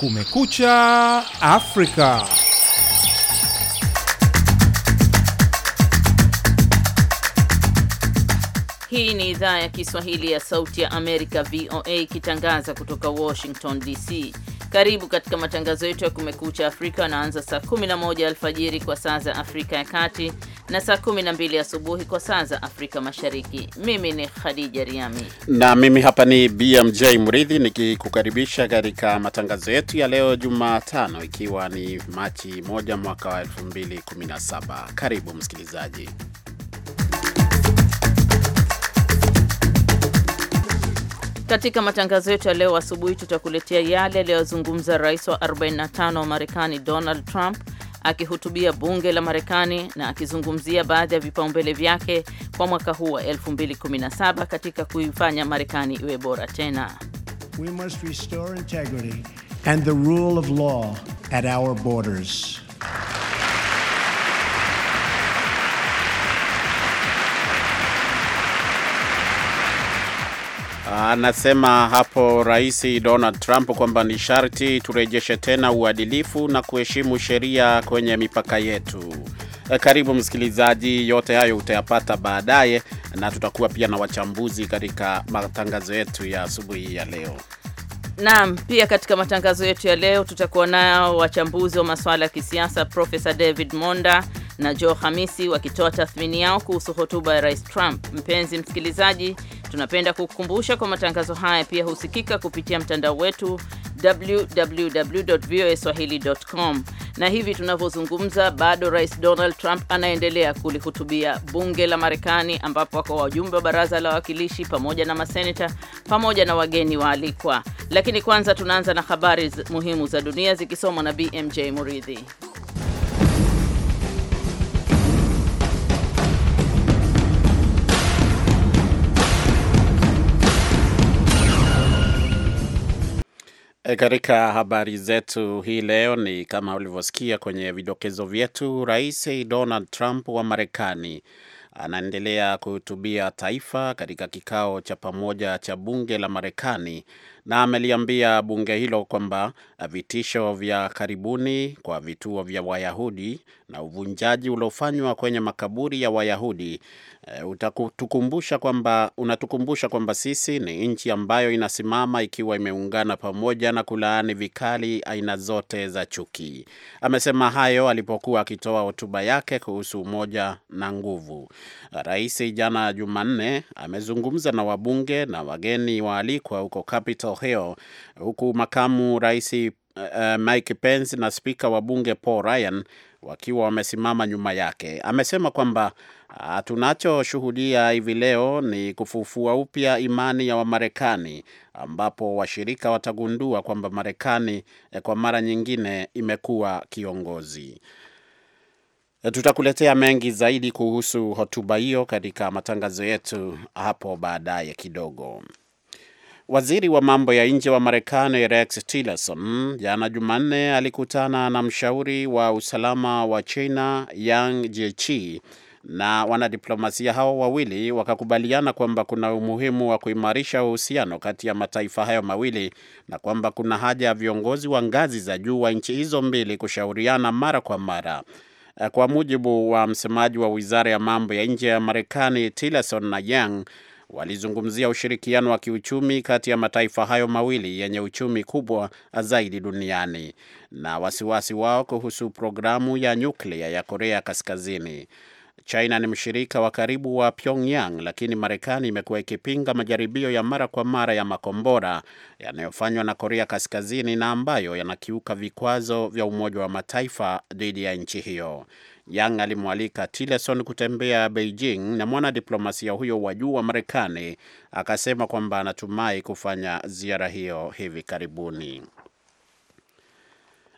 Kumekucha Afrika. Hii ni idhaa ya Kiswahili ya Sauti ya Amerika, VOA, ikitangaza kutoka Washington DC. Karibu katika matangazo yetu ya Kumekucha Afrika, wanaanza saa 11 alfajiri kwa saa za Afrika ya Kati na saa 12 asubuhi kwa saa za Afrika Mashariki. Mimi ni Khadija Riami na mimi hapa ni BMJ Mridhi nikikukaribisha katika matangazo yetu ya leo Jumatano, ikiwa ni Machi 1 mwaka wa 2017. Karibu msikilizaji. Katika matangazo yetu ya leo asubuhi, tutakuletea yale aliyozungumza rais wa 45 wa Marekani Donald Trump akihutubia bunge la Marekani na akizungumzia baadhi ya vipaumbele vyake kwa mwaka huu wa 2017 katika kuifanya Marekani iwe bora tena. We must restore integrity and the rule of law at our borders. Anasema hapo Rais Donald Trump kwamba ni sharti turejeshe tena uadilifu na kuheshimu sheria kwenye mipaka yetu. Eh, karibu msikilizaji, yote hayo utayapata baadaye, na tutakuwa pia na wachambuzi katika matangazo yetu ya asubuhi ya leo. Naam, pia katika matangazo yetu ya leo tutakuwa nao wachambuzi wa masuala ya kisiasa, Profesa David Monda na Joe Hamisi wakitoa tathmini yao kuhusu hotuba ya Rais Trump. Mpenzi msikilizaji, tunapenda kukukumbusha kwa matangazo haya pia husikika kupitia mtandao wetu www.voaswahili.com. Na hivi tunavyozungumza, bado Rais Donald Trump anaendelea kulihutubia bunge la Marekani, ambapo wako wajumbe wa baraza la wawakilishi pamoja na maseneta pamoja na wageni waalikwa. Lakini kwanza tunaanza na habari muhimu za dunia zikisomwa na BMJ Muridhi. E, katika habari zetu hii leo ni kama ulivyosikia kwenye vidokezo vyetu, Rais Donald Trump wa Marekani anaendelea kuhutubia taifa katika kikao cha pamoja cha bunge la Marekani na ameliambia bunge hilo kwamba vitisho vya karibuni kwa vituo vya Wayahudi na uvunjaji uliofanywa kwenye makaburi ya Wayahudi e, utatukumbusha kwamba unatukumbusha kwamba sisi ni nchi ambayo inasimama ikiwa imeungana pamoja na kulaani vikali aina zote za chuki. Amesema hayo alipokuwa akitoa hotuba yake kuhusu umoja na nguvu. Rais jana Jumanne amezungumza na wabunge na wageni waalikwa huko Capitol Ohio, huku makamu rais uh, Mike Pence na spika wa bunge Paul Ryan wakiwa wamesimama nyuma yake. Amesema kwamba uh, tunachoshuhudia hivi leo ni kufufua upya imani ya Wamarekani, ambapo washirika watagundua kwamba Marekani eh, kwa mara nyingine imekuwa kiongozi. Eh, tutakuletea mengi zaidi kuhusu hotuba hiyo katika matangazo yetu hapo baadaye kidogo. Waziri wa mambo ya nje wa Marekani Rex Tillerson jana Jumanne alikutana na mshauri wa usalama wa China Yang Jiechi na wanadiplomasia hao wawili wakakubaliana kwamba kuna umuhimu wa kuimarisha uhusiano kati ya mataifa hayo mawili na kwamba kuna haja ya viongozi wa ngazi za juu wa nchi hizo mbili kushauriana mara kwa mara. Kwa mujibu wa msemaji wa wizara ya mambo ya nje ya Marekani, Tillerson na Yang walizungumzia ushirikiano wa kiuchumi kati ya mataifa hayo mawili yenye uchumi kubwa zaidi duniani na wasiwasi wao kuhusu programu ya nyuklia ya Korea Kaskazini. China ni mshirika wa karibu wa Pyongyang, lakini Marekani imekuwa ikipinga majaribio ya mara kwa mara ya makombora yanayofanywa na Korea Kaskazini na ambayo yanakiuka vikwazo vya Umoja wa Mataifa dhidi ya nchi hiyo. Yang alimwalika Tillerson kutembea Beijing na mwanadiplomasia huyo wa juu wa Marekani akasema kwamba anatumai kufanya ziara hiyo hivi karibuni.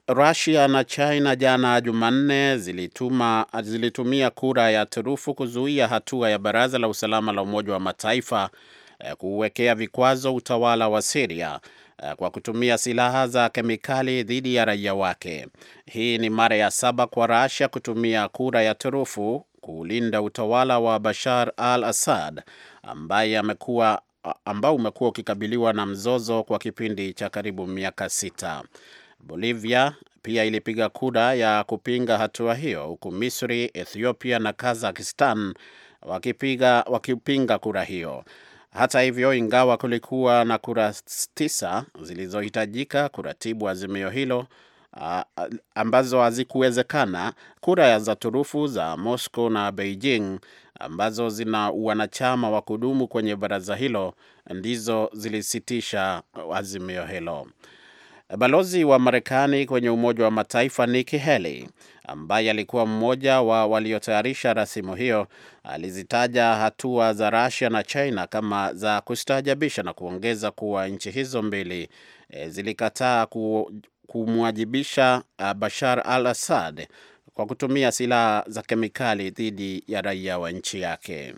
Rusia na China jana Jumanne zilituma, zilitumia kura ya turufu kuzuia hatua ya Baraza la Usalama la Umoja wa Mataifa eh, kuwekea vikwazo utawala wa Siria Eh, kwa kutumia silaha za kemikali dhidi ya raia wake. Hii ni mara ya saba kwa Russia kutumia kura ya turufu kulinda utawala wa Bashar al-Assad ambaye amekuwa ambao umekuwa ukikabiliwa na mzozo kwa kipindi cha karibu miaka sita. Bolivia pia ilipiga kura ya kupinga hatua hiyo huku Misri, Ethiopia na Kazakhstan wakipiga wakipinga kura hiyo. Hata hivyo, ingawa kulikuwa na kura tisa zilizohitajika kuratibu azimio hilo a, ambazo hazikuwezekana, kura za turufu za Moscow na Beijing ambazo zina wanachama wa kudumu kwenye baraza hilo ndizo zilisitisha azimio hilo. Balozi wa Marekani kwenye Umoja wa Mataifa Nikki Haley, ambaye alikuwa mmoja wa waliotayarisha rasimu hiyo, alizitaja hatua za Russia na China kama za kustaajabisha na kuongeza kuwa nchi hizo mbili e, zilikataa ku, kumwajibisha eh, Bashar al-Assad kwa kutumia silaha za kemikali dhidi ya raia wa nchi yake.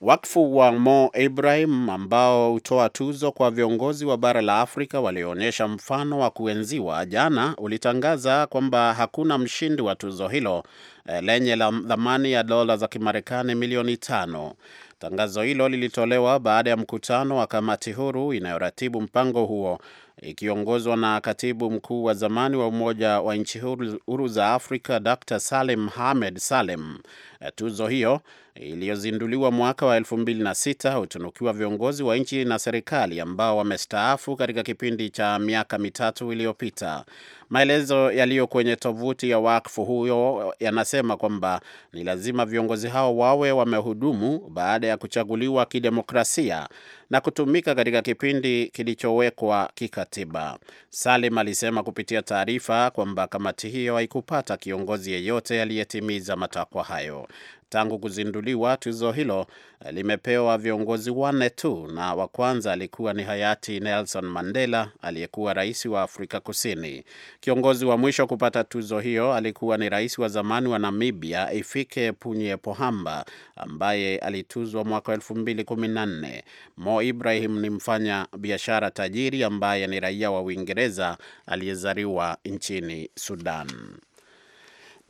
Wakfu wa Mo Ibrahim ambao hutoa tuzo kwa viongozi wa bara la Afrika walioonyesha mfano wa kuenziwa, jana ulitangaza kwamba hakuna mshindi wa tuzo hilo eh, lenye thamani ya dola za Kimarekani milioni tano. Tangazo hilo lilitolewa baada ya mkutano wa kamati huru inayoratibu mpango huo ikiongozwa na katibu mkuu wa zamani wa Umoja wa Nchi Huru za Afrika Dr Salim Hamed Salim. E, tuzo hiyo iliyozinduliwa mwaka wa 2006 hutunukiwa viongozi wa nchi na serikali ambao wamestaafu katika kipindi cha miaka mitatu iliyopita. Maelezo yaliyo kwenye tovuti ya wakfu huyo yanasema kwamba ni lazima viongozi hao wawe wamehudumu baada ya kuchaguliwa kidemokrasia na kutumika katika kipindi kilichowekwa kikatiba. Salim alisema kupitia taarifa kwamba kamati hiyo haikupata kiongozi yeyote aliyetimiza matakwa hayo. Tangu kuzinduliwa, tuzo hilo limepewa viongozi wanne tu, na wa kwanza alikuwa ni hayati Nelson Mandela aliyekuwa rais wa Afrika Kusini. Kiongozi wa mwisho kupata tuzo hiyo alikuwa ni rais wa zamani wa Namibia Ifike Punye Pohamba ambaye alituzwa mwaka e214 Mo Ibrahim ni mfanya biashara tajiri ambaye ni raia wa Uingereza aliyezaliwa nchini Sudan.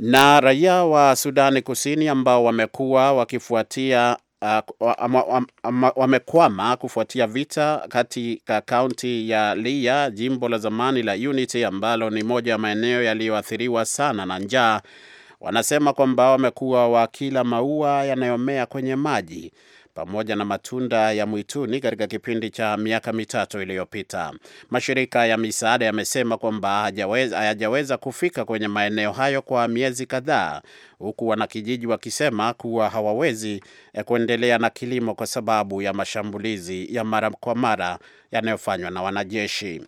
Na raia wa Sudani Kusini ambao wamekuwa wakifuatia uh, wamekwama kufuatia vita katika kaunti ya Lia, jimbo la zamani la Unity ambalo ni moja ya maeneo yaliyoathiriwa sana na njaa, wanasema kwamba wamekuwa wakila maua yanayomea kwenye maji pamoja na matunda ya mwituni katika kipindi cha miaka mitatu iliyopita. Mashirika ya misaada yamesema kwamba hayajaweza kufika kwenye maeneo hayo kwa miezi kadhaa, huku wanakijiji wakisema kuwa hawawezi eh, kuendelea na kilimo kwa sababu ya mashambulizi ya mara kwa mara yanayofanywa na wanajeshi.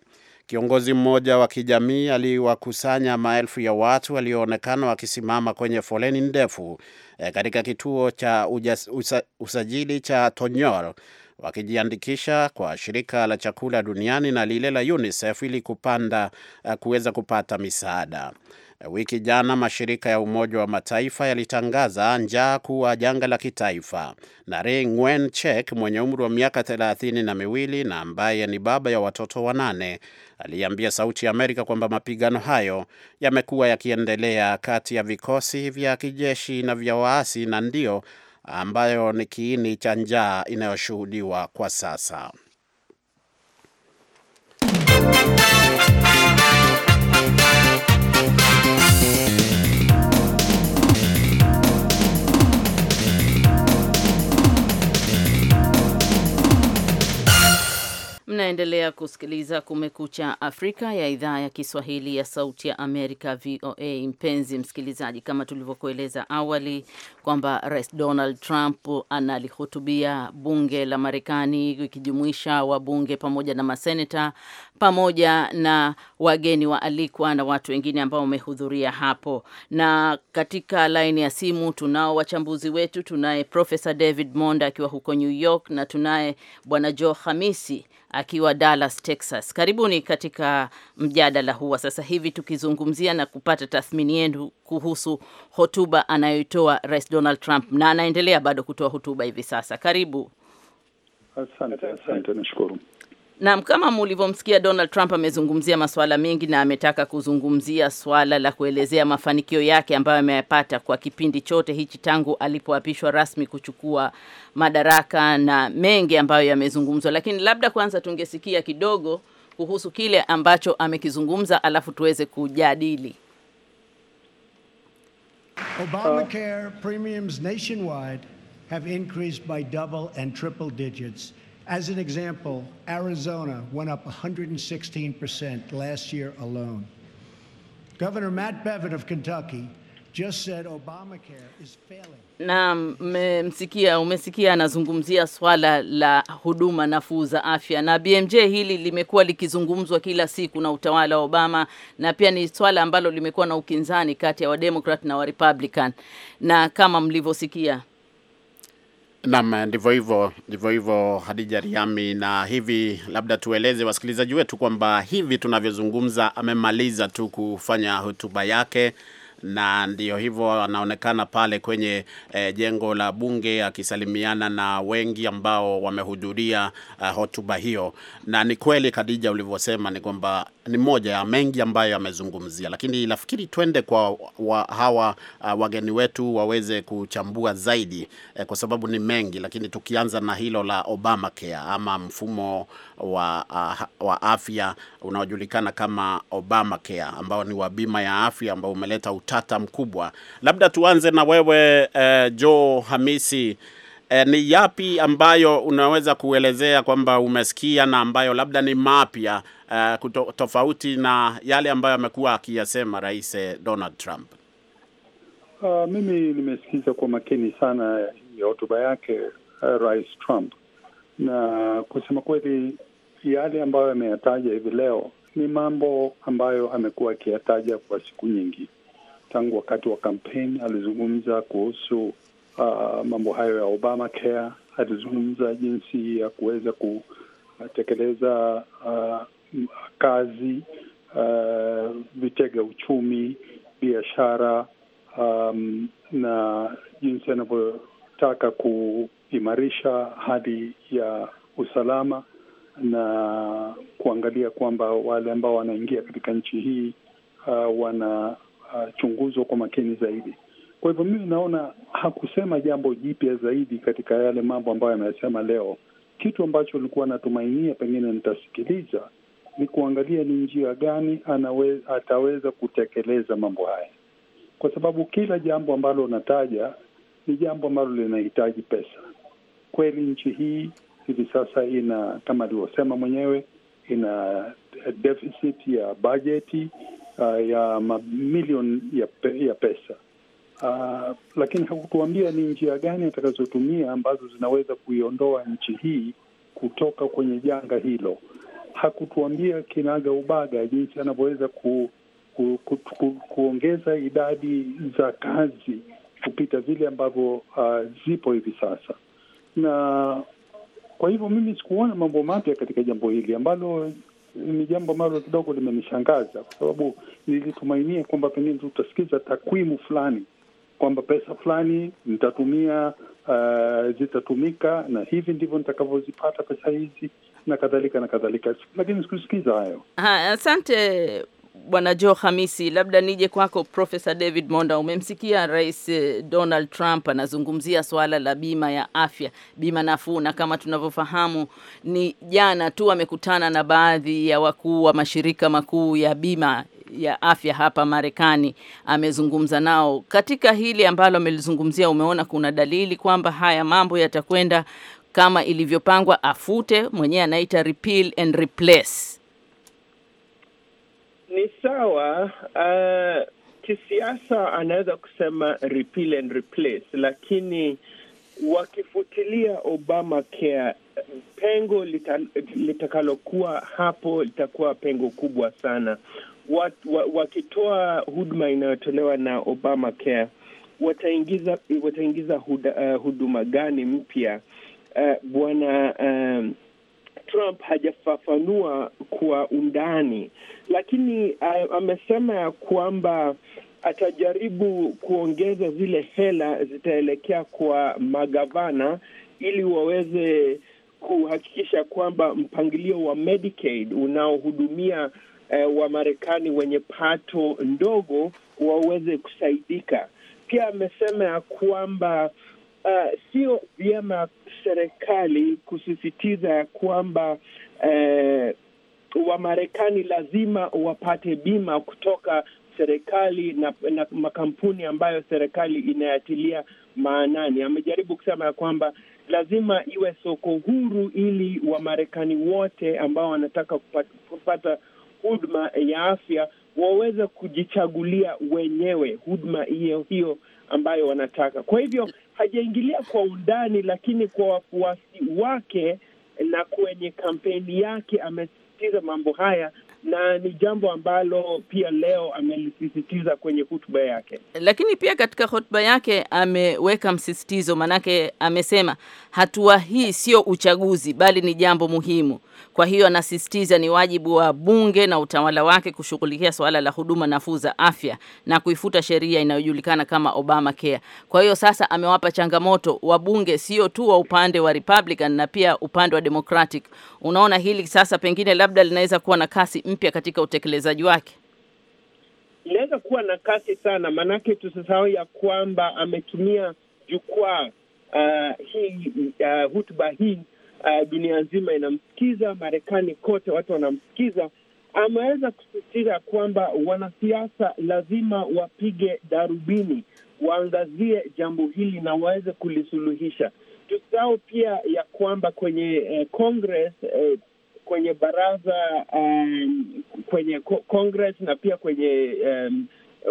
Kiongozi mmoja wa kijamii aliwakusanya maelfu ya watu walioonekana wakisimama kwenye foleni ndefu e, katika kituo cha ujas, usa, usajili cha Tonyor wakijiandikisha kwa shirika la chakula duniani na lile la UNICEF ili kupanda eh, kuweza kupata misaada. Eh, wiki jana mashirika ya Umoja wa Mataifa yalitangaza njaa kuwa janga la kitaifa. Nare Ngwen Chek mwenye umri wa miaka thelathini na miwili na ambaye ni baba ya watoto wanane aliambia Sauti ya Amerika kwamba mapigano hayo yamekuwa yakiendelea kati ya vikosi vya kijeshi na vya waasi na ndio ambayo ni kiini cha njaa inayoshuhudiwa kwa sasa. Mnaendelea kusikiliza Kumekucha Afrika ya idhaa ya Kiswahili ya Sauti ya Amerika, VOA. Mpenzi msikilizaji, kama tulivyokueleza awali kwamba Rais Donald Trump analihutubia bunge la Marekani, ikijumuisha wabunge pamoja na maseneta pamoja na wageni waalikwa na watu wengine ambao wamehudhuria hapo. Na katika laini ya simu tunao wachambuzi wetu, tunaye Profesa David Monda akiwa huko New York na tunaye Bwana Joe Hamisi akiwa Dallas, Texas. Karibuni katika mjadala huu wa sasa hivi tukizungumzia na kupata tathmini yenu kuhusu hotuba anayoitoa Rais Donald Trump, na anaendelea bado kutoa hotuba hivi sasa. Karibu. Asante, asante, nashukuru. Naam, kama mulivyomsikia Donald Trump amezungumzia masuala mengi na ametaka kuzungumzia swala la kuelezea mafanikio yake ambayo ameyapata kwa kipindi chote hichi tangu alipoapishwa rasmi kuchukua madaraka na mengi ambayo yamezungumzwa, lakini labda kwanza tungesikia kidogo kuhusu kile ambacho amekizungumza alafu tuweze kujadili. Obamacare premiums nationwide have increased by double and triple digits As an example, Arizona went up 116% percent last year alone. Governor Matt Bevin of Kentucky just said Obamacare is failing. Na mmemsikia, umesikia anazungumzia swala la huduma nafuu za afya, na BMJ hili limekuwa likizungumzwa kila siku na utawala wa Obama, na pia ni swala ambalo limekuwa na ukinzani kati ya Wademokrat na Warepublican, na kama mlivyosikia Naam, ndivyo hivyo, ndivyo hivyo Hadija Riami. Na hivi labda tueleze wasikilizaji wetu kwamba hivi tunavyozungumza amemaliza tu kufanya hotuba yake na ndiyo hivyo anaonekana pale kwenye eh, jengo la bunge akisalimiana na wengi ambao wamehudhuria eh, hotuba hiyo. Na ni kweli Khadija, ulivyosema ni kwamba ni moja ya mengi ambayo amezungumzia, lakini nafikiri twende kwa wa, hawa uh, wageni wetu waweze kuchambua zaidi eh, kwa sababu ni mengi, lakini tukianza na hilo la Obamacare ama mfumo wa, uh, wa afya unaojulikana kama Obamacare ambao ni wa bima ya afya ambao umeleta uta utata mkubwa. Labda tuanze na wewe eh, Joe Hamisi. E, ni yapi ambayo unaweza kuelezea kwamba umesikia na ambayo labda ni mapya uh, tofauti na yale ambayo amekuwa akiyasema Rais eh, Donald Trump? Uh, mimi nimesikiza kwa makini sana ya hotuba yake uh, Rais Trump, na kusema kweli yale ambayo ameyataja hivi leo ni mambo ambayo amekuwa akiyataja kwa siku nyingi tangu wakati wa kampeni. Alizungumza kuhusu uh, mambo hayo ya Obamacare. Alizungumza jinsi ya kuweza kutekeleza uh, kazi uh, vitega uchumi, biashara um, na jinsi anavyotaka kuimarisha hali ya usalama na kuangalia kwamba wale ambao wanaingia katika nchi hii uh, wana chunguzwa kwa makini zaidi. Kwa hivyo mimi naona hakusema jambo jipya zaidi katika yale mambo ambayo ameyasema leo. Kitu ambacho nilikuwa natumainia pengine nitasikiliza ni kuangalia ni njia gani anawe, ataweza kutekeleza mambo haya, kwa sababu kila jambo ambalo unataja ni jambo ambalo linahitaji pesa. Kweli nchi hii hivi sasa ina kama alivyosema mwenyewe, ina deficit ya bajeti uh, ya mamilioni ya, pe, ya pesa uh, lakini hakutuambia ni njia gani atakazotumia ambazo zinaweza kuiondoa nchi hii kutoka kwenye janga hilo. Hakutuambia kinaga ubaga jinsi anavyoweza ku, ku, ku, ku, kuongeza idadi za kazi kupita vile ambavyo uh, zipo hivi sasa, na kwa hivyo mimi sikuona mambo mapya katika jambo hili ambalo ni jambo ambalo kidogo limenishangaza, kwa sababu nilitumainia kwamba pengine tutasikiza takwimu fulani kwamba pesa fulani nitatumia, uh, zitatumika na hivi ndivyo nitakavyozipata pesa hizi na kadhalika na kadhalika, lakini sikusikiza hayo. Asante Bwana Joe Hamisi, labda nije kwako Profesa David Monda. Umemsikia Rais eh, Donald Trump anazungumzia swala la bima ya afya, bima nafuu, na kama tunavyofahamu ni jana tu amekutana na baadhi ya wakuu wa mashirika makuu ya bima ya afya hapa Marekani, amezungumza nao katika hili ambalo amelizungumzia. Umeona kuna dalili kwamba haya mambo yatakwenda kama ilivyopangwa, afute mwenyewe anaita repeal and replace ni sawa uh, kisiasa anaweza kusema repeal and replace, lakini wakifutilia obama care pengo litakalokuwa hapo litakuwa pengo kubwa sana. Wat, wa, wakitoa huduma inayotolewa na Obamacare wataingiza wataingiza huda, uh, huduma gani mpya? Uh, bwana um, Trump hajafafanua kwa undani, lakini uh, amesema ya kwamba atajaribu kuongeza zile hela zitaelekea kwa magavana ili waweze kuhakikisha kwamba mpangilio wa Medicaid unaohudumia eh, Wamarekani wenye pato ndogo waweze kusaidika. Pia amesema ya kwamba uh, sio vyema serikali kusisitiza ya kwamba uh, eh, Wamarekani lazima wapate bima kutoka serikali na, na makampuni ambayo serikali inayatilia maanani. Amejaribu kusema ya kwamba lazima iwe soko huru ili Wamarekani wote ambao wanataka kupata, kupata huduma ya afya waweze kujichagulia wenyewe huduma hiyo hiyo ambayo wanataka. Kwa hivyo hajaingilia kwa undani, lakini kwa wafuasi wake na kwenye kampeni yake amesisitiza mambo haya na ni jambo ambalo pia leo amelisisitiza kwenye hotuba yake. Lakini pia katika hotuba yake ameweka msisitizo, maanake amesema hatua hii sio uchaguzi, bali ni jambo muhimu. Kwa hiyo anasisitiza ni wajibu wa bunge na utawala wake kushughulikia swala la huduma nafuu za afya na kuifuta sheria inayojulikana kama Obamacare. Kwa hiyo sasa amewapa changamoto wabunge, sio tu wa upande wa Republican na pia upande wa Democratic. Unaona hili sasa pengine labda linaweza kuwa na kasi mpya katika utekelezaji wake inaweza kuwa na kasi sana, maanake tusisahau ya kwamba ametumia jukwaa uh, hii uh, hutuba hii uh, dunia nzima inamsikiza, Marekani kote watu wanamsikiza. Ameweza kusisitiza kwamba wanasiasa lazima wapige darubini, waangazie jambo hili na waweze kulisuluhisha. Tusao pia ya kwamba kwenye eh, Congress eh, kwenye baraza um, kwenye Congress na pia kwenye um,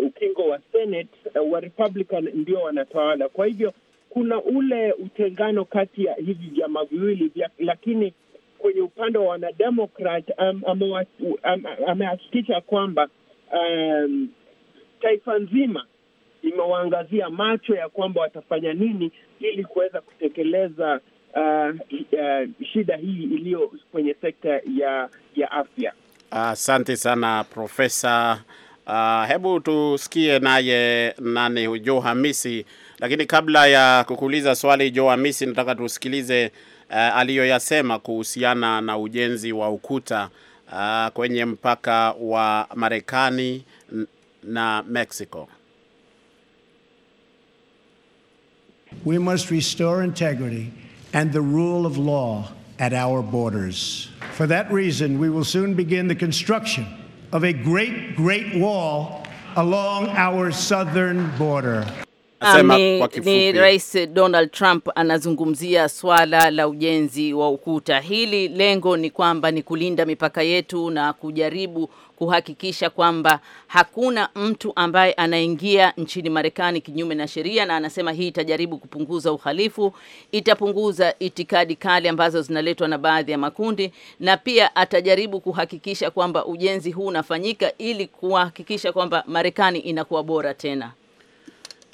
ukingo wa Senate uh, wa Republican ndio wanatawala. Kwa hivyo kuna ule utengano kati ya hivi vyama viwili vya, lakini kwenye upande wa wanademokrat amehakikisha um, ame kwamba um, taifa nzima imewaangazia macho ya kwamba watafanya nini ili kuweza kutekeleza uh, uh, shida hii iliyo kwenye sekta ya ya afya. Asante uh, sana Profesa. Uh, hebu tusikie naye nani hujo Hamisi lakini kabla ya kukuuliza swali Jo Amisi, nataka tusikilize uh, aliyoyasema kuhusiana na ujenzi wa ukuta uh, kwenye mpaka wa Marekani na Mexico. We must restore integrity and the rule of law at our borders. For that reason, we will soon begin the construction of a great, great wall along our southern border ame, ah, ni, Ni Rais Donald Trump anazungumzia swala la ujenzi wa ukuta. Hili lengo ni kwamba ni kulinda mipaka yetu na kujaribu kuhakikisha kwamba hakuna mtu ambaye anaingia nchini Marekani kinyume na sheria, na anasema hii itajaribu kupunguza uhalifu, itapunguza itikadi kali ambazo zinaletwa na baadhi ya makundi, na pia atajaribu kuhakikisha kwamba ujenzi huu unafanyika ili kuhakikisha kwamba Marekani inakuwa bora tena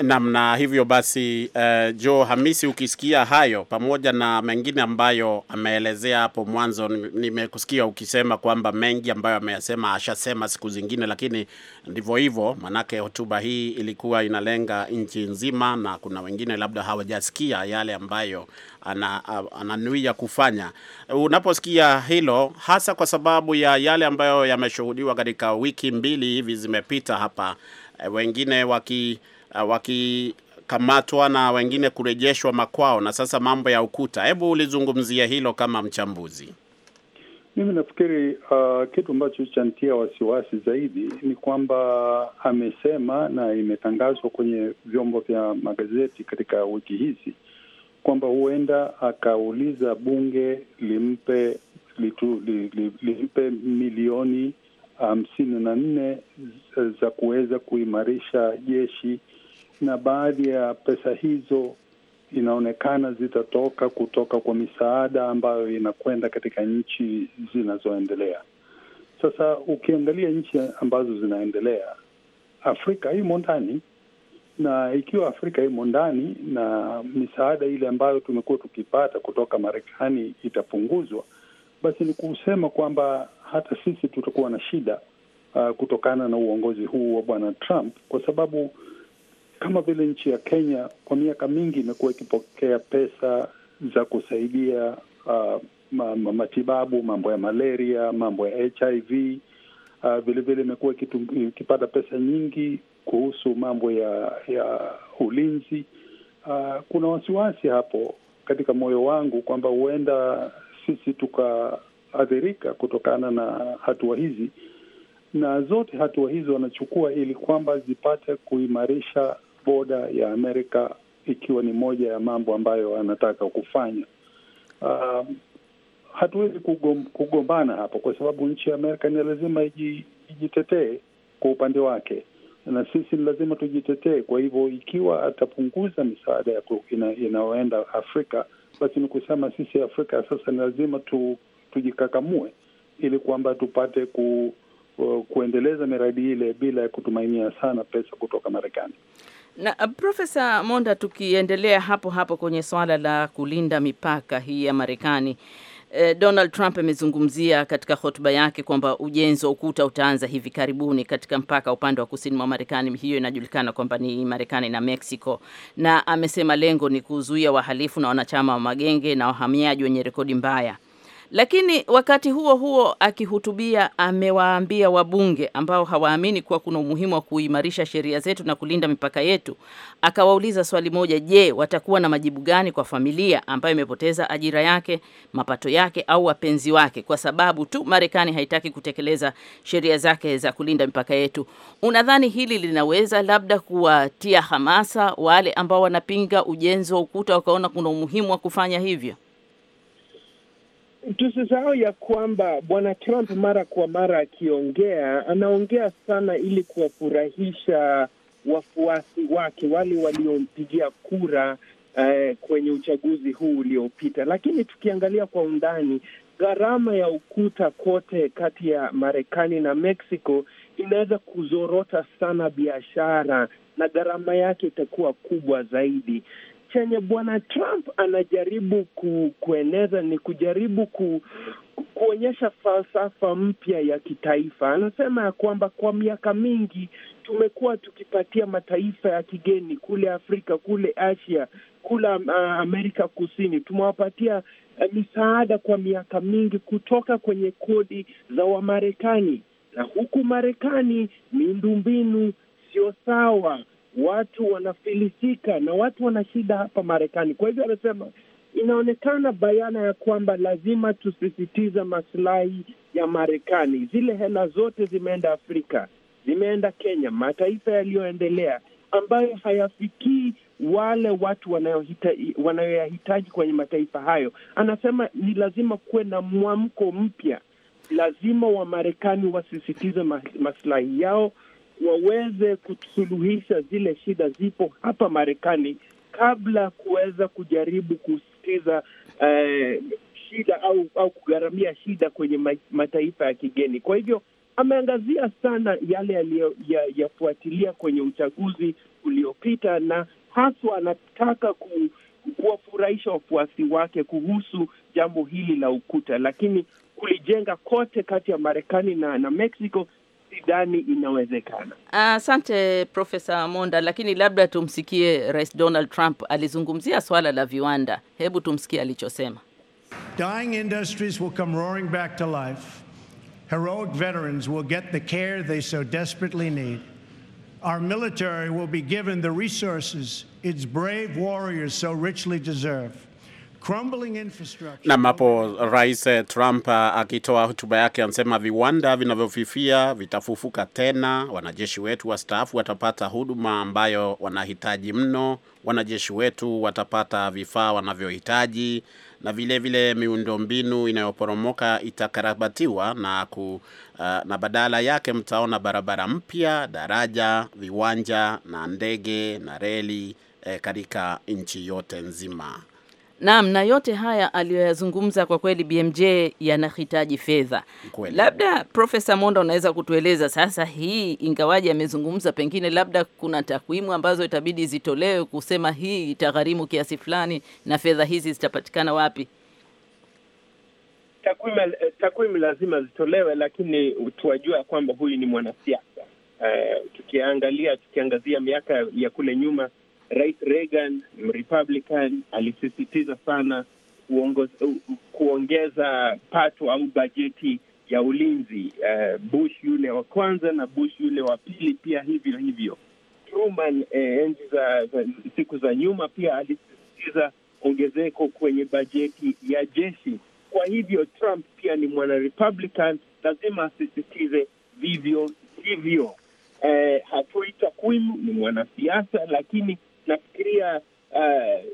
namna na hivyo basi uh, eh, Jo Hamisi, ukisikia hayo pamoja na mengine ambayo ameelezea hapo mwanzo, nimekusikia ukisema kwamba mengi ambayo ameyasema ashasema siku zingine, lakini ndivyo hivyo, manake hotuba hii ilikuwa inalenga nchi nzima, na kuna wengine labda hawajasikia yale ambayo ananuia kufanya. Unaposikia hilo, hasa kwa sababu ya yale ambayo yameshuhudiwa katika wiki mbili hivi zimepita hapa, eh, wengine waki Eh, wakikamatwa na wengine kurejeshwa makwao, na sasa mambo ya ukuta. Hebu ulizungumzia hilo kama mchambuzi. Mimi nafikiri uh, kitu ambacho chantia wasiwasi zaidi ni kwamba amesema na imetangazwa kwenye vyombo vya magazeti katika wiki hizi kwamba huenda akauliza bunge limpe litu, li, li, limpe milioni hamsini um, na nne za kuweza kuimarisha jeshi na baadhi ya pesa hizo inaonekana zitatoka kutoka kwa misaada ambayo inakwenda katika nchi zinazoendelea. Sasa ukiangalia nchi ambazo zinaendelea, Afrika imo ndani, na ikiwa Afrika imo ndani na misaada ile ambayo tumekuwa tukipata kutoka Marekani itapunguzwa, basi ni kusema kwamba hata sisi tutakuwa na shida uh, kutokana na uongozi huu wa Bwana Trump kwa sababu kama vile nchi ya Kenya kwa miaka mingi imekuwa ikipokea pesa za kusaidia uh, ma, ma, matibabu, mambo ya malaria, mambo ya HIV. Vilevile uh, imekuwa ikipata pesa nyingi kuhusu mambo ya ya ulinzi. Uh, kuna wasiwasi hapo katika moyo wangu kwamba huenda sisi tukaathirika kutokana na hatua hizi, na zote hatua hizi wanachukua ili kwamba zipate kuimarisha boda ya Amerika, ikiwa ni moja ya mambo ambayo anataka kufanya. Uh, hatuwezi kugom, kugombana hapo kwa sababu nchi ya Amerika ni lazima ijitetee kwa upande wake na sisi ni lazima tujitetee. Kwa hivyo ikiwa atapunguza misaada ya inayoenda ina Afrika, basi ni kusema sisi Afrika sasa ni lazima tu, tujikakamue ili kwamba tupate ku, kuendeleza miradi ile bila ya kutumainia sana pesa kutoka Marekani. Na uh, Profesa Monda, tukiendelea hapo hapo kwenye swala la kulinda mipaka hii ya Marekani, eh, Donald Trump amezungumzia katika hotuba yake kwamba ujenzi wa ukuta utaanza hivi karibuni katika mpaka upande wa kusini mwa Marekani. Hiyo inajulikana kwamba ni Marekani na Mexico, na amesema lengo ni kuzuia wahalifu na wanachama wa magenge na wahamiaji wenye rekodi mbaya lakini wakati huo huo akihutubia, amewaambia wabunge ambao hawaamini kuwa kuna umuhimu wa kuimarisha sheria zetu na kulinda mipaka yetu, akawauliza swali moja, je, watakuwa na majibu gani kwa familia ambayo imepoteza ajira yake, mapato yake au wapenzi wake kwa sababu tu Marekani haitaki kutekeleza sheria zake za kulinda mipaka yetu? Unadhani hili linaweza labda kuwatia hamasa wale ambao wanapinga ujenzi wa ukuta wakaona kuna umuhimu wa kufanya hivyo? Tusisahau ya kwamba bwana Trump mara kwa mara akiongea, anaongea sana ili kuwafurahisha wafuasi wake wale waliompigia kura eh, kwenye uchaguzi huu uliopita. Lakini tukiangalia kwa undani, gharama ya ukuta kote kati ya Marekani na Mexico inaweza kuzorota sana biashara na gharama yake itakuwa kubwa zaidi chenye bwana Trump anajaribu ku, kueneza ni kujaribu ku, kuonyesha falsafa mpya ya kitaifa. Anasema ya kwamba kwa miaka mingi tumekuwa tukipatia mataifa ya kigeni kule Afrika, kule Asia, kule uh, Amerika Kusini, tumewapatia uh, misaada kwa miaka mingi kutoka kwenye kodi za Wamarekani, na huku Marekani miundombinu sio sawa watu wanafilisika na watu wana shida hapa Marekani. Kwa hivyo anasema inaonekana bayana ya kwamba lazima tusisitiza masilahi ya Marekani. Zile hela zote zimeenda Afrika, zimeenda Kenya, mataifa yaliyoendelea ambayo hayafikii wale watu wanayoyahitaji kwenye mataifa hayo. Anasema ni lazima kuwe na mwamko mpya, lazima Wamarekani wasisitize maslahi yao waweze kusuluhisha zile shida zipo hapa Marekani kabla kuweza kujaribu kusikiza eh, shida au au kugharamia shida kwenye mataifa ya kigeni. Kwa hivyo ameangazia sana yale yaliyoyafuatilia ya kwenye uchaguzi uliopita, na haswa anataka ku kuwafurahisha wafuasi wake kuhusu jambo hili la ukuta, lakini kulijenga kote kati ya Marekani na na Mexico sidhani inawezekana. Asante uh, Profesa Monda, lakini labda tumsikie Rais Donald Trump alizungumzia swala la viwanda. Hebu tumsikie alichosema. Dying industries will come roaring back to life. Heroic veterans will get the care they so desperately need. Our military will be given the resources its brave warriors so richly deserve. Nam, hapo Rais eh, Trump eh, akitoa hotuba yake anasema viwanda vinavyofifia vitafufuka tena, wanajeshi wetu wastaafu watapata huduma ambayo wanahitaji mno, wanajeshi wetu watapata vifaa wanavyohitaji, na vilevile miundombinu inayoporomoka itakarabatiwa na ku, uh, na badala yake mtaona barabara mpya, daraja, viwanja na ndege na reli eh, katika nchi yote nzima. Naam, na yote haya aliyoyazungumza kwa kweli BMJ yanahitaji fedha. Labda Profesa Monda unaweza kutueleza sasa, hii ingawaje amezungumza, pengine labda kuna takwimu ambazo itabidi zitolewe kusema hii itagharimu kiasi fulani na fedha hizi zitapatikana wapi? Takwimu, eh, takwimu lazima zitolewe, lakini tuwajua kwamba huyu ni mwanasiasa. Uh, tukiangalia tukiangazia miaka ya kule nyuma Rais Reagan Mrepublican alisisitiza sana uongoz, kuongeza pato au bajeti ya ulinzi. Uh, Bush yule wa kwanza na Bush yule wa pili pia hivyo hivyo. Truman eh, enzi za, za siku za nyuma pia alisisitiza ongezeko kwenye bajeti ya jeshi. Kwa hivyo Trump pia ni mwana Republican, lazima asisitize vivyo hivyo. Eh, hatoi takwimu, ni mwanasiasa, lakini nafikiria uh,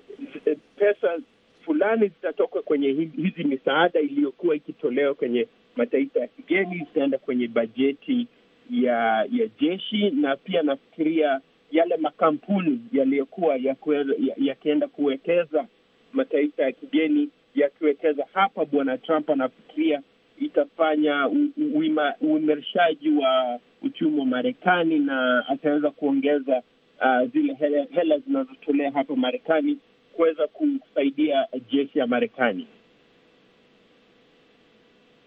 pesa fulani zitatoka kwenye hizi misaada iliyokuwa ikitolewa kwenye mataifa ya kigeni, zitaenda kwenye bajeti ya ya jeshi, na pia nafikiria yale makampuni yaliyokuwa yakienda ya kuwekeza mataifa ya kigeni yakiwekeza hapa, Bwana Trump anafikiria itafanya uimarishaji wa uchumi wa Marekani na ataweza kuongeza uh, zile hela, hela zinazotolea hapa Marekani kuweza kusaidia jeshi ya Marekani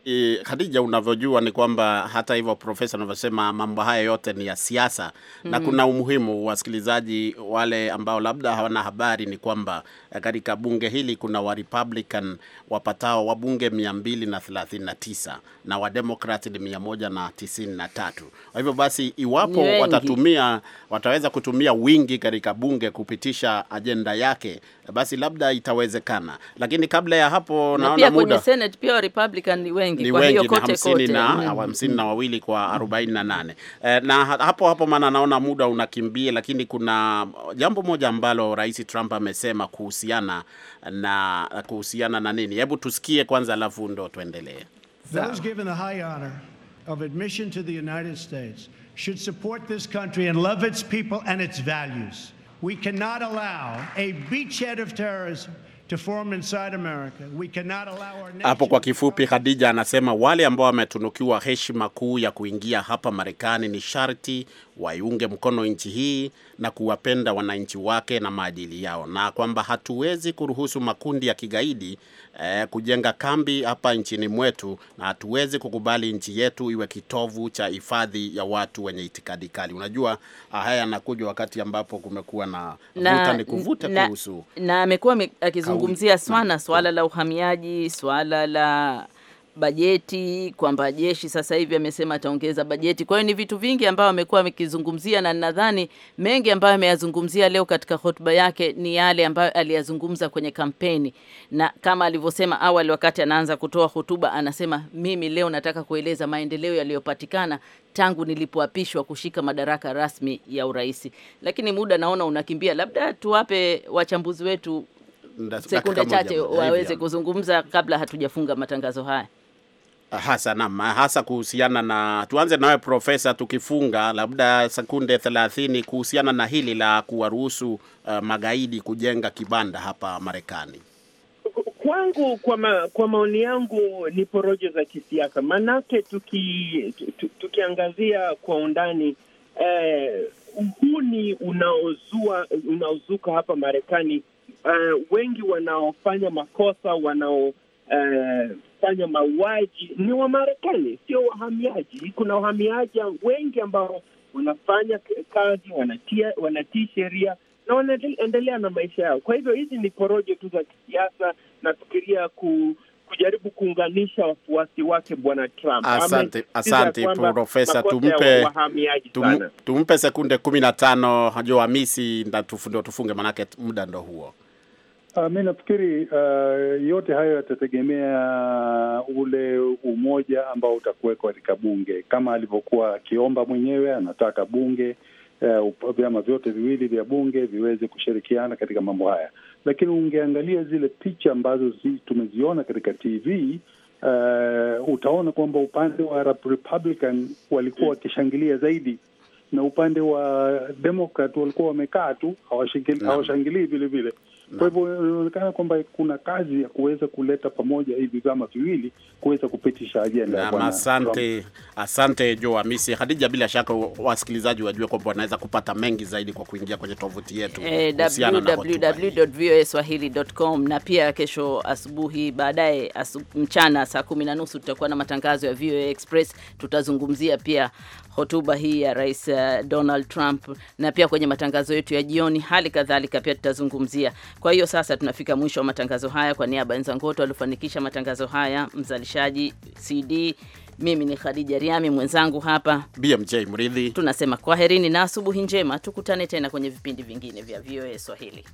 i, e, Khadija, unavyojua ni kwamba hata hivyo profesa anavyosema mambo haya yote ni ya siasa mm -hmm. na mm-hmm. kuna umuhimu, wasikilizaji wale ambao labda hawana habari, ni kwamba eh, katika bunge hili kuna wa Republican wapatao bunge 239 na, na wa Democrat ni 193. Kwa hivyo basi, iwapo watatumia wataweza kutumia wingi katika bunge kupitisha ajenda yake basi labda itawezekana, lakini kabla ya hapo na naona pia muda, kwenye Senate pia Republican ni wengi, ni kwa wengi, hiyo kote kote na hamsini na wawili kwa 48 mm. eh, na hapo hapo, maana naona muda unakimbia, lakini kuna jambo moja ambalo Rais Trump amesema kuhusiana na kuhusiana na nini, hebu tusikie kwanza, alafu ndo tuendelee. Those given the high honor of admission to the United States should support this country and love its people and its values. We cannot allow a beachhead of terrorism to form inside America. We cannot allow our nation... hapo. Kwa kifupi, Khadija anasema wale ambao wametunukiwa heshima kuu ya kuingia hapa Marekani ni sharti waiunge mkono nchi hii na kuwapenda wananchi wake na maadili yao, na kwamba hatuwezi kuruhusu makundi ya kigaidi eh, kujenga kambi hapa nchini mwetu, na hatuwezi kukubali nchi yetu iwe kitovu cha hifadhi ya watu wenye itikadi kali. Unajua ah, haya yanakuja wakati ambapo kumekuwa na vuta ni kuvuta kuhusu, na amekuwa akizungumzia sana mm. swala la uhamiaji, swala la bajeti kwamba jeshi sasa hivi amesema ataongeza bajeti. Kwa hiyo ni vitu vingi ambayo amekuwa amekizungumzia, na nadhani mengi ambayo ameyazungumzia leo katika hotuba yake ni yale ambayo aliyazungumza kwenye kampeni, na kama alivyosema awali wakati anaanza kutoa hotuba, anasema mimi leo nataka kueleza maendeleo yaliyopatikana tangu nilipoapishwa kushika madaraka rasmi ya urais. Lakini muda naona unakimbia, labda tuwape wachambuzi wetu sekunde chache waweze kuzungumza kabla hatujafunga matangazo haya hasa nam hasa kuhusiana na, tuanze nawe Profesa, tukifunga labda sekunde thelathini kuhusiana na hili la kuwaruhusu uh, magaidi kujenga kibanda hapa Marekani. Kwangu kwa, ma, kwa maoni yangu ni porojo za kisiasa, maanake tuki, tukiangazia kwa undani eh, uhuni unaozua unaozuka hapa Marekani eh, wengi wanaofanya makosa wanao eh, wanaofanya mauaji ni Wamarekani, sio wahamiaji. Kuna wahamiaji wengi ambao wanafanya kazi, wanatia wanatii sheria na wanaendelea na maisha yao. Kwa hivyo hizi ni porojo tu za kisiasa, nafikiria ku kujaribu kuunganisha wafuasi wake Bwana Trump. Asante, asante Profesa, tumpe tum, tumpe sekunde kumi na tano Joe Hamisi, ndio tufunge, manake muda ndo huo. Uh, mi nafikiri uh, yote hayo yatategemea uh, ule umoja ambao utakuwekwa katika bunge, kama alivyokuwa akiomba mwenyewe. Anataka bunge uh, vyama vyote viwili vya bunge viweze kushirikiana katika mambo haya, lakini ungeangalia zile picha ambazo zi, tumeziona katika TV uh, utaona kwamba upande wa Republican walikuwa wakishangilia zaidi na upande wa Democrat walikuwa wamekaa tu hawashangilii vilevile. Kwa hivyo eh, inaonekana kwamba kuna kazi ya kuweza kuleta pamoja hivi vyama viwili kuweza kupitisha ajenda. Asante, asante Jo Amisi Hadija, bila shaka wasikilizaji wajue kwamba wanaweza kupata mengi zaidi kwa kuingia kwenye tovuti yetu e, eh, www.voaswahili.com na pia kesho asubuhi baadaye asu, mchana saa kumi na nusu tutakuwa na matangazo ya VOA Express tutazungumzia pia hotuba hii ya Rais eh, Donald Trump, na pia kwenye matangazo yetu ya jioni hali kadhalika pia tutazungumzia. Kwa hiyo sasa tunafika mwisho wa matangazo haya. Kwa niaba ya wenzangu wote waliofanikisha matangazo haya, mzalishaji CD, mimi ni Khadija Riami, mwenzangu hapa BMJ Mridhi, tunasema kwaherini na asubuhi njema, tukutane tena kwenye vipindi vingine vya VOA Swahili.